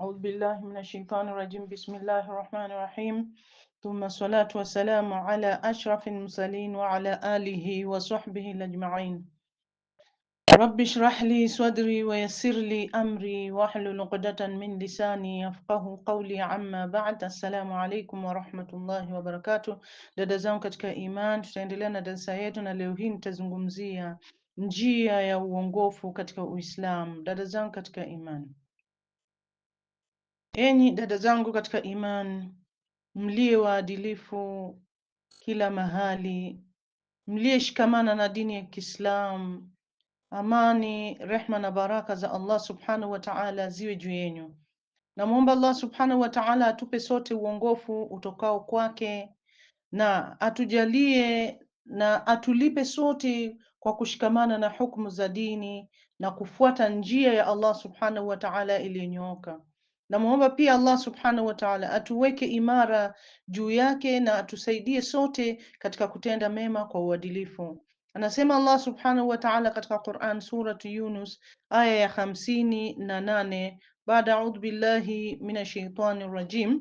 Audhu billahi minashaitan rajim. Bismillahi rahmani rahim. Thumma salatu wassalamu ala ashrafil mursalin wa ala alihi wa sahbihi ajmain. Rabbi shrah li sadri wa yassir li amri wahlul uqdatan min lisani yafqahu qawli. Amma ba'd, assalamu alaikum wa rahmatullahi wa barakatuh. Dada zangu katika iman, tutaendelea na darsa yetu, na leo hii nitazungumzia njia ya uongofu katika Uislamu. Dada zangu katika iman Enyi dada zangu katika iman, mliye waadilifu kila mahali, mliyeshikamana na dini ya Kiislamu, amani, rehma na baraka za Allah subhanahu wa ta'ala ziwe juu yenu. Namwomba Allah subhanahu wa ta'ala atupe sote uongofu utokao kwake na atujalie na atulipe sote kwa kushikamana na hukumu za dini na kufuata njia ya Allah subhanahu wa ta'ala iliyonyooka. Namwomba pia Allah subhanahu wa ta'ala atuweke imara juu yake na atusaidie sote katika kutenda mema kwa uadilifu. Anasema Allah subhanahu wa ta'ala katika Quran surat Yunus aya ya hamsini na nane baada audhu billahi minash shaitani rajim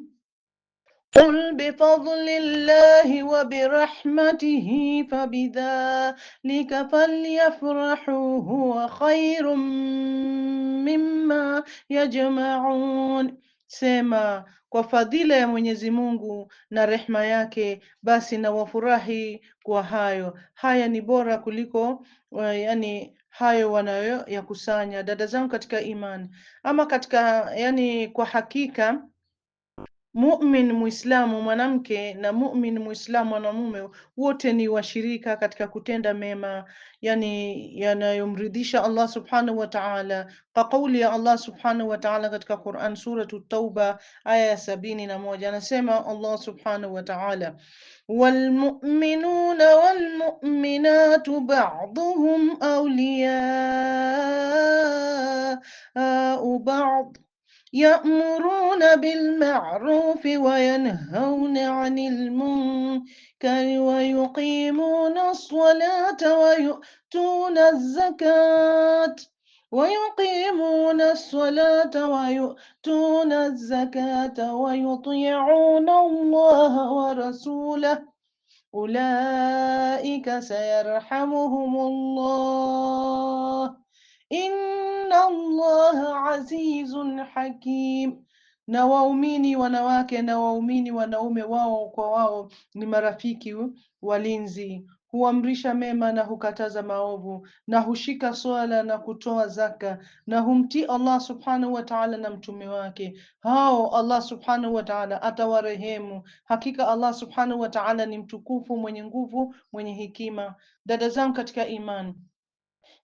قل بفضل الله وبرحمته فبذلك فليفرحوا هو خير مما يجمعون sema kwa fadhila ya Mwenyezi Mungu na rehma yake, basi na wafurahi kwa hayo. Haya ni bora kuliko eh, yani hayo wanayo yakusanya. Dada zangu katika imani, ama katika yani, kwa hakika Mumin Muislamu mwanamke na mumin Muislamu mwanamume wote ni washirika katika kutenda mema, yani yanayomridhisha Allah subhanahu wa ta'ala, kwa kauli ya Allah subhanahu wa ta'ala katika Quran suratu Tauba aya ya sabini na moja anasema Allah subhanahu wa ta'ala, walmuminuna walmuminatu ba'dhuhum awliya ba'd يأمرون بالمعروف وينهون عن المنكر ويقيمون الصلاة ويؤتون الزكاة ويقيمون الصلاة ويؤتون الزكاة ويطيعون الله ورسوله أولئك سيرحمهم الله inna allaha azizun hakim. Na waumini wanawake na waumini wanaume wao kwa wao ni marafiki walinzi, huamrisha mema na hukataza maovu, na hushika swala na kutoa zaka, na humtii Allah subhanahu wa ta'ala na mtume wake. Hao Allah subhanahu wa ta'ala atawarehemu. Hakika Allah subhanahu wa ta'ala ni mtukufu, mwenye nguvu, mwenye hikima. Dada zangu katika imani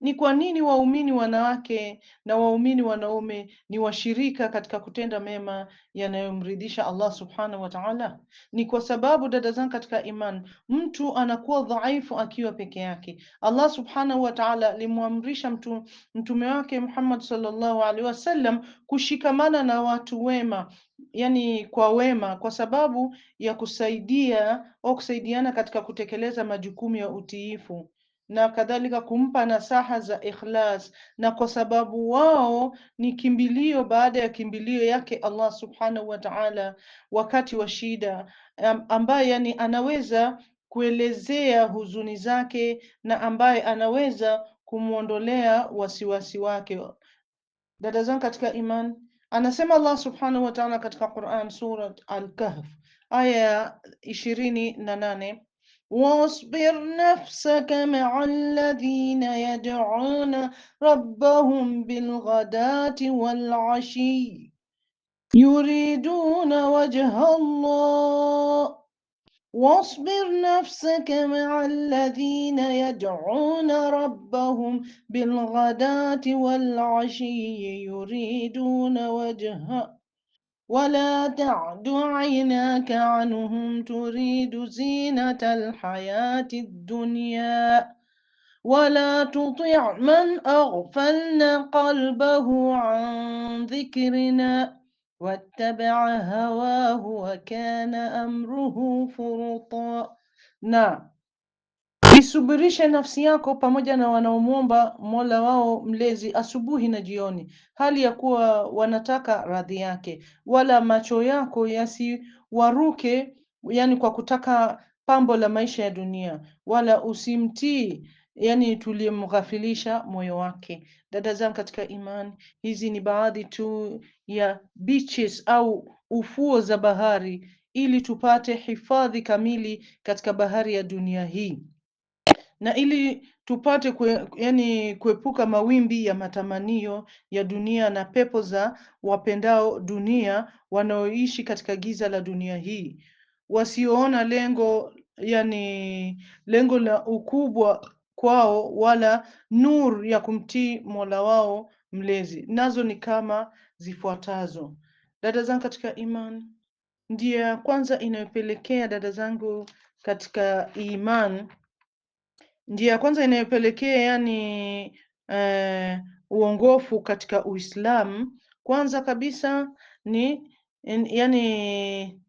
ni kwa nini waumini wanawake na waumini wanaume ni washirika katika kutenda mema yanayomridhisha Allah subhanahu wa ta'ala? Ni kwa sababu dada zangu katika iman, mtu anakuwa dhaifu akiwa peke yake. Allah subhanahu wa ta'ala alimwamrisha mtu mtume wake Muhammad sallallahu alaihi wasallam kushikamana na watu wema, yani kwa wema, kwa sababu ya kusaidia au kusaidiana katika kutekeleza majukumu ya utiifu na kadhalika kumpa nasaha za ikhlas, na kwa sababu wao ni kimbilio baada ya kimbilio yake Allah subhanahu wa ta'ala wakati wa shida, ambaye yani anaweza kuelezea huzuni zake na ambaye anaweza kumwondolea wasiwasi wake. Dada zangu katika iman, anasema Allah subhanahu wa ta'ala katika Quran, Surat Al-Kahf aya ya ishirini na nane واصبر نفسك مع الذين يدعون ربهم بالغداة والعشي يريدون وجه الله واصبر نفسك مع الذين يدعون ربهم بالغداة والعشي يريدون وجهه ولا تعد عيناك عنهم تريد زينة الحياة الدنيا ولا تطع من أغفلنا قلبه عن ذكرنا واتبع هواه وكان أمره فرطا نعم Isubirishe nafsi yako pamoja na wanaomwomba Mola wao mlezi asubuhi na jioni, hali ya kuwa wanataka radhi yake, wala macho yako yasiwaruke, yani kwa kutaka pambo la maisha ya dunia, wala usimtii yani tuliyemghafilisha moyo wake. Dada zangu katika imani, hizi ni baadhi tu ya beaches au ufuo za bahari, ili tupate hifadhi kamili katika bahari ya dunia hii na ili tupate kwe, yani kuepuka mawimbi ya matamanio ya dunia na pepo za wapendao dunia wanaoishi katika giza la dunia hii, wasioona lengo yani lengo la ukubwa kwao wala nur ya kumtii Mola wao mlezi, nazo ni kama zifuatazo. Dada zangu katika iman ndiyo ya kwanza inayopelekea dada zangu katika iman njia ya kwanza inayopelekea yani e, eh, uongofu katika Uislamu kwanza kabisa ni in, yani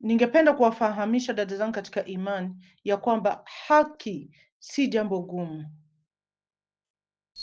ningependa kuwafahamisha dada zangu katika imani ya kwamba haki si jambo gumu.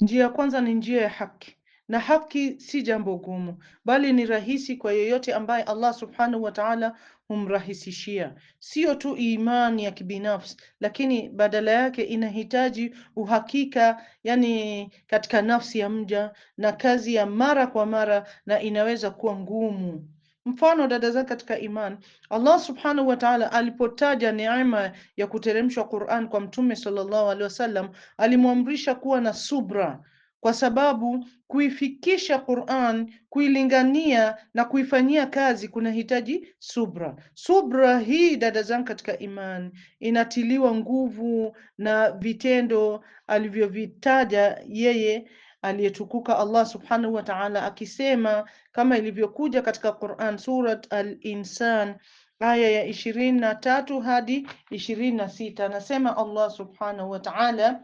Njia ya kwanza ni njia ya haki, na haki si jambo gumu, bali ni rahisi kwa yeyote ambaye Allah subhanahu wa ta'ala humrahisishia sio tu imani ya kibinafsi, lakini badala yake inahitaji uhakika, yani katika nafsi ya mja, na kazi ya mara kwa mara, na inaweza kuwa ngumu. Mfano dada zake katika imani, Allah subhanahu wa ta'ala alipotaja neema ya kuteremshwa Qur'an kwa Mtume sallallahu alaihi wasallam alimwamrisha kuwa na subra kwa sababu kuifikisha Qur'an, kuilingania na kuifanyia kazi kunahitaji subra. Subra hii dada zangu katika iman, inatiliwa nguvu na vitendo alivyovitaja yeye aliyetukuka Allah subhanahu wa ta'ala, akisema kama ilivyokuja katika Qur'an Surat Al-Insan aya ya ishirini na tatu hadi ishirini na sita anasema Allah subhanahu wa ta'ala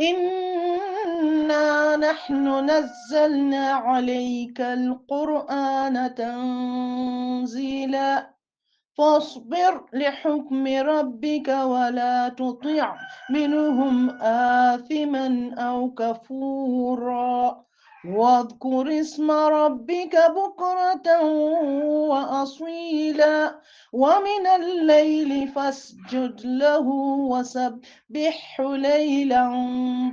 إنا نحن نزلنا عليك القرآن تنزيلا فاصبر لحكم ربك ولا تطع منهم آثما أو كفورا واذكر اسم ربك بكرة وأصيلا ومن الليل فاسجد له وسبحه ليلا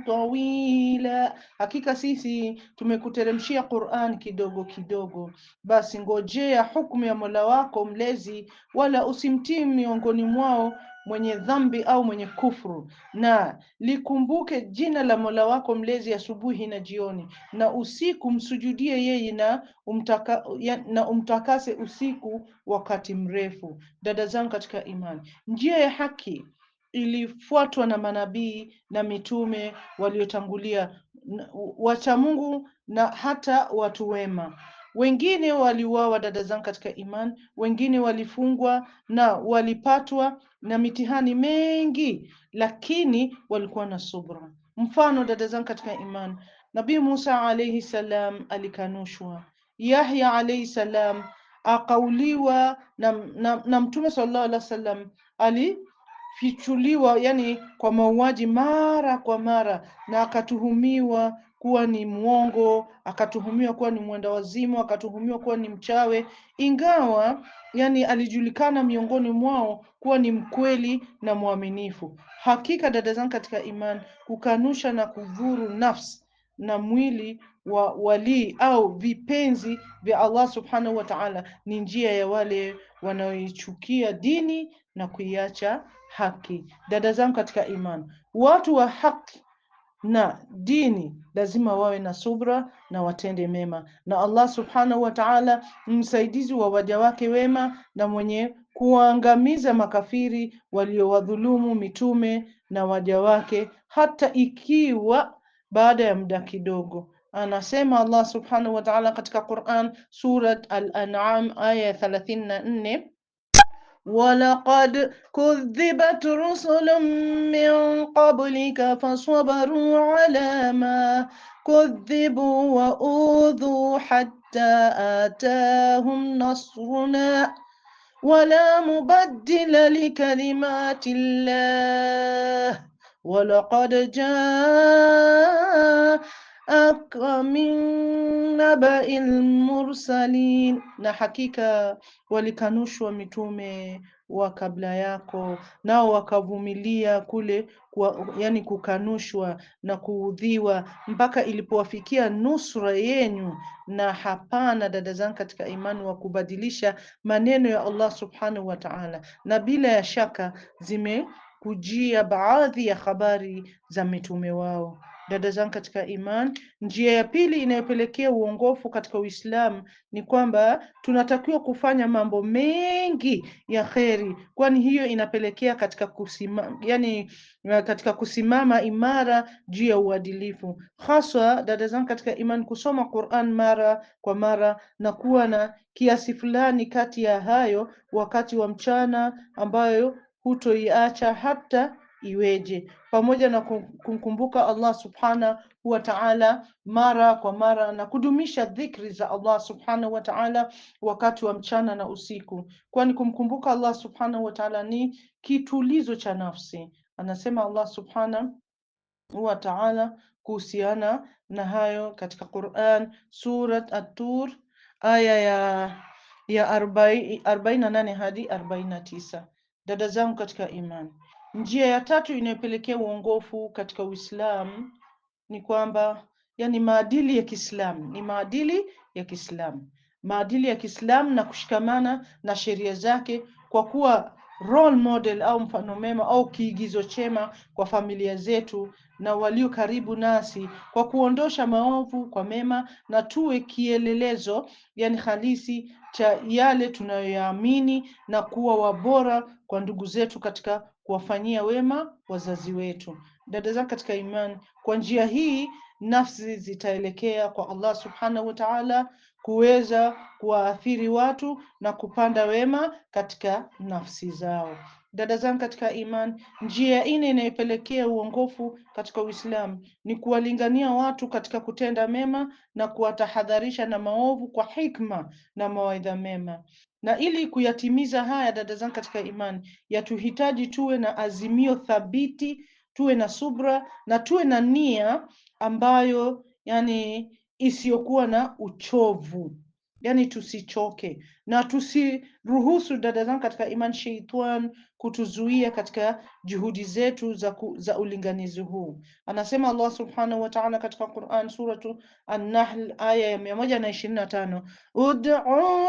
طويلا. Hakika sisi tumekuteremshia Qur'an kidogo kidogo, basi ngojea hukumu ya Mola wako mlezi, wala usimtii miongoni mwao mwenye dhambi au mwenye kufru na likumbuke jina la Mola wako mlezi asubuhi na jioni, na usiku msujudie yeye na, umtaka, na umtakase usiku wakati mrefu. Dada zangu katika imani, njia ya haki ilifuatwa na manabii na mitume waliotangulia, wacha Mungu na hata watu wema. Wengine waliuawa dada zangu katika iman wengine walifungwa na walipatwa na mitihani mengi, lakini walikuwa na subra. Mfano dada zangu katika iman Nabii Musa alayhi salam alikanushwa, Yahya alayhi salam akauliwa na, na, na Mtume sallallahu alaihi wasallam alifichuliwa, yani kwa mauaji mara kwa mara, na akatuhumiwa kuwa ni mwongo, akatuhumiwa kuwa ni mwenda wazimu, akatuhumiwa kuwa ni mchawi, ingawa yani alijulikana miongoni mwao kuwa ni mkweli na mwaminifu. Hakika dada zangu katika imani, kukanusha na kudhuru nafsi na mwili wa walii au vipenzi vya Allah subhanahu wa ta'ala ni njia ya wale wanaoichukia dini na kuiacha haki. Dada zangu katika imani, watu wa haki na dini lazima wawe na subra na watende mema, na Allah subhanahu wa ta'ala msaidizi wa waja wake wema na mwenye kuangamiza makafiri waliowadhulumu mitume na waja wake, hata ikiwa baada ya muda kidogo. Anasema Allah subhanahu wa ta'ala katika Quran, Surat Al-An'am aya ya thalathini na nne ولقد كذبت رسل من قبلك فصبروا على ما كذبوا وأوذوا حتى آتاهم نصرنا ولا مبدل لكلمات الله ولقد جاء aka min nabai lmursalin, na hakika walikanushwa mitume wa kabla yako, nao wakavumilia kule kwa, yani kukanushwa na kuudhiwa mpaka ilipowafikia nusra yenyu. Na hapana, dada zangu katika imani, wa kubadilisha maneno ya Allah subhanahu wa ta'ala, na bila ya shaka zimekujia baadhi ya habari za mitume wao. Dada zangu katika iman, njia ya pili inayopelekea uongofu katika Uislamu ni kwamba tunatakiwa kufanya mambo mengi ya kheri, kwani hiyo inapelekea katika kusimama, yani uh, katika kusimama imara juu ya uadilifu. Haswa dada zangu katika iman, kusoma Qur'an mara kwa mara na kuwa na kiasi fulani kati ya hayo wakati wa mchana, ambayo hutoiacha hata iweje, pamoja na kumkumbuka Allah subhanahu wa ta'ala mara kwa mara na kudumisha dhikri za Allah subhanahu wa ta'ala wakati wa mchana na usiku, kwani kumkumbuka Allah subhanahu wa ta'ala ni kitulizo cha nafsi. Anasema Allah subhanahu wa ta'ala kuhusiana na hayo katika Quran Surat At-Tur aya ya ya arobaini na nane hadi arobaini na tisa. Dada zangu katika imani Njia ya tatu inayopelekea uongofu katika Uislamu ni kwamba yani, maadili ya Kiislamu ni maadili ya Kiislamu, maadili ya Kiislamu na kushikamana na sheria zake, kwa kuwa role model au mfano mema au kiigizo chema kwa familia zetu na walio karibu nasi, kwa kuondosha maovu kwa mema, na tuwe kielelezo yani halisi cha yale tunayoyaamini na kuwa wabora kwa ndugu zetu katika kuwafanyia wema wazazi wetu. Dada zangu katika imani, kwa njia hii nafsi zitaelekea kwa Allah subhanahu wa ta'ala, kuweza kuwaathiri watu na kupanda wema katika nafsi zao. Dada zangu katika imani, njia ya nne inayopelekea uongofu katika Uislamu ni kuwalingania watu katika kutenda mema na kuwatahadharisha na maovu kwa hikma na mawaidha mema. Na ili kuyatimiza haya, dada zangu katika imani, yatuhitaji tuwe na azimio thabiti, tuwe na subra na tuwe na nia ambayo yani isiyokuwa na uchovu yani tusichoke na tusiruhusu dada zangu katika iman sheitan kutuzuia katika juhudi zetu za, ku, za ulinganizi huu. Anasema Allah subhanahu wa ta'ala katika Quran suratu An-Nahl aya ya mia moja na ishirini na tano ud'u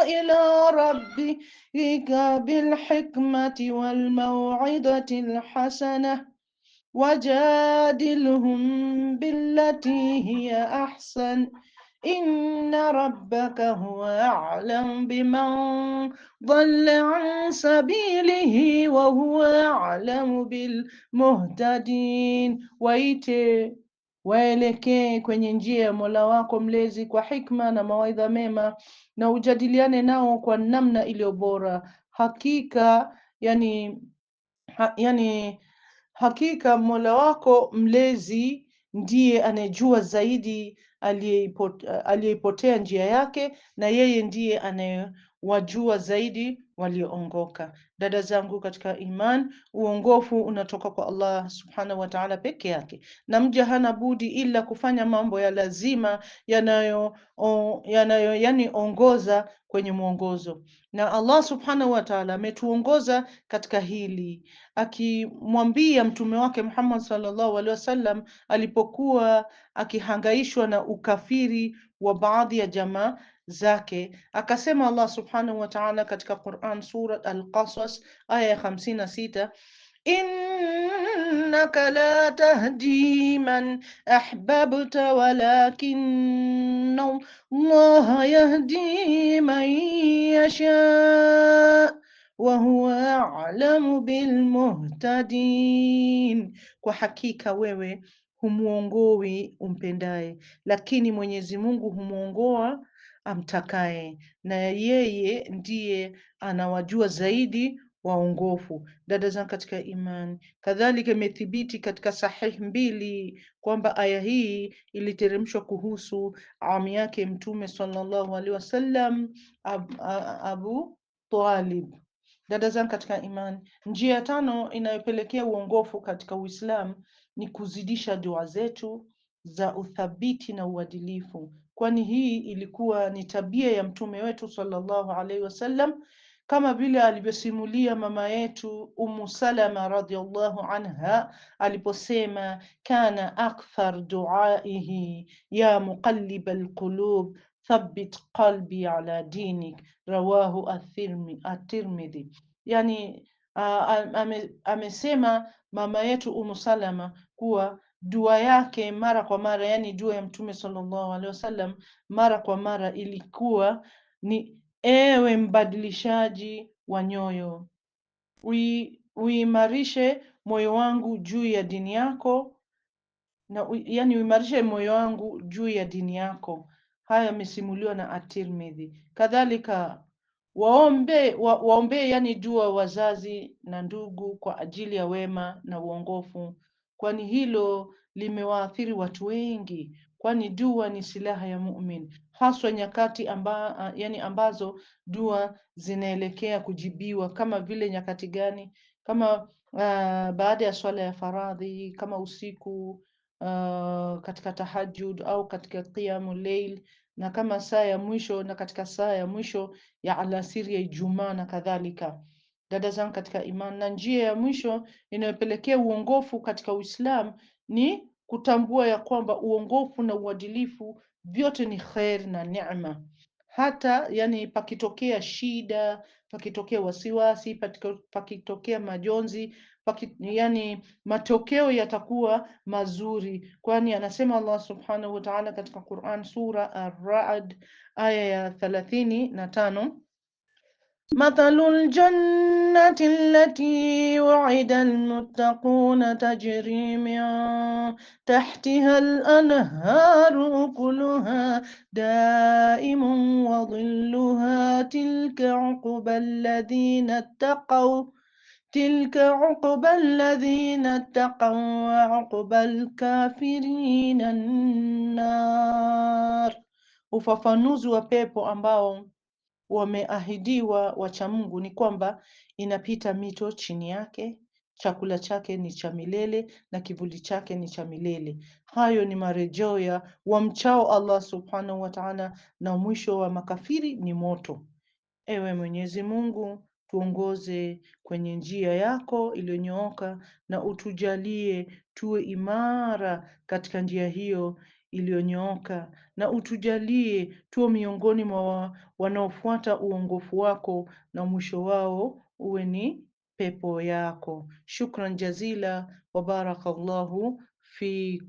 ila rabbika bilhikmati walmaw'idati lhasana wajadilhum billati hiya ahsan inna rabbaka huwa a'lam biman dhalla an sabilihi wa huwa a'lamu bil muhtadin. Waite waelekee kwenye njia ya Mola wako mlezi kwa hikma na mawaidha mema, na ujadiliane nao kwa namna iliyo bora. Hakika yani, ha, yani hakika Mola wako mlezi ndiye anayejua zaidi aliyeipotea njia yake, na yeye ndiye anayewajua zaidi walioongoka. Dada zangu katika iman, uongofu unatoka kwa Allah subhanahu wa ta'ala peke yake, na mja hana budi ila kufanya mambo ya lazima yanayo yanayo yani ongoza kwenye mwongozo, na Allah subhanahu wa ta'ala ametuongoza katika hili akimwambia mtume wake Muhammad sallallahu alaihi wasallam alipokuwa akihangaishwa na ukafiri wa baadhi ya jamaa zake. Akasema Allah subhanahu wa ta'ala katika Quran Surat Al-Qasas aya ya hamsini na sita innaka la tahdi man ahbabta walakinna Allah yahdi man yasha wa huwa a'lamu bilmuhtadin, kwa hakika wewe humuongowi umpendaye, lakini Mwenyezi Mungu humwongoa amtakaye, na yeye ndiye anawajua zaidi waongofu. Dada zangu katika imani, kadhalika imethibiti katika Sahih mbili kwamba aya hii iliteremshwa kuhusu amu yake Mtume sallallahu alaihi wasallam Ab, Abu Talib. Dada zangu katika imani, njia ya tano inayopelekea uongofu katika Uislamu ni kuzidisha dua zetu za uthabiti na uadilifu kwani hii ilikuwa ni tabia ya mtume wetu sallallahu alaihi wasallam, kama vile alivyosimulia mama yetu Ummu Salama radhiyallahu anha aliposema, kana akthar duaihi ya muqallib alqulub thabbit qalbi ala dinik, rawahu at-Tirmidhi. Yani amesema mama yetu Ummu Salama kuwa dua yake mara kwa mara, yani dua ya Mtume sallallahu alaihi wasallam mara kwa mara ilikuwa ni ewe mbadilishaji wa nyoyo, ui, uimarishe moyo wangu juu ya dini yako na yani uimarishe moyo wangu juu ya dini yako. Haya yamesimuliwa na At-Tirmidhi. Kadhalika waombe wa, waombee yani dua wazazi na ndugu kwa ajili ya wema na uongofu kwani hilo limewaathiri watu wengi, kwani dua ni silaha ya mumin, haswa nyakati amba, yani ambazo dua zinaelekea kujibiwa. Kama vile nyakati gani? Kama uh, baada ya swala ya faradhi, kama usiku uh, katika tahajjud au katika qiyamul layl na kama saa ya mwisho na katika saa ya mwisho ya alasiri ya Ijumaa na kadhalika. Dada zangu katika imani, na njia ya mwisho inayopelekea uongofu katika Uislamu ni kutambua ya kwamba uongofu na uadilifu vyote ni khair na neema. Hata yani, pakitokea shida, pakitokea wasiwasi, pakitokea majonzi, pakit, yani matokeo yatakuwa mazuri, kwani anasema Allah subhanahu wa ta'ala katika Quran sura Ar-Ra'd aya ya thelathini na tano مثل الجنة التي وعد المتقون تجري من تحتها الأنهار أكلها دائم وظلها تلك عقب الذين اتقوا تلك عقب الذين اتقوا وعقب الكافرين النار ufafanuzi وبيبو pepo wameahidiwa Mungu ni kwamba inapita mito chini yake, chakula chake ni cha milele na kivuli chake ni cha milele. Hayo ni marejeo ya wamchao Allah subhanahu wa ta'ala, na mwisho wa makafiri ni moto. Ewe Mwenyezi Mungu, tuongoze kwenye njia yako iliyonyooka na utujalie tuwe imara katika njia hiyo iliyonyooka na utujalie tuwe miongoni mwa wanaofuata uongofu wako na mwisho wao uwe ni pepo yako. Shukran jazila wa barakallahu fi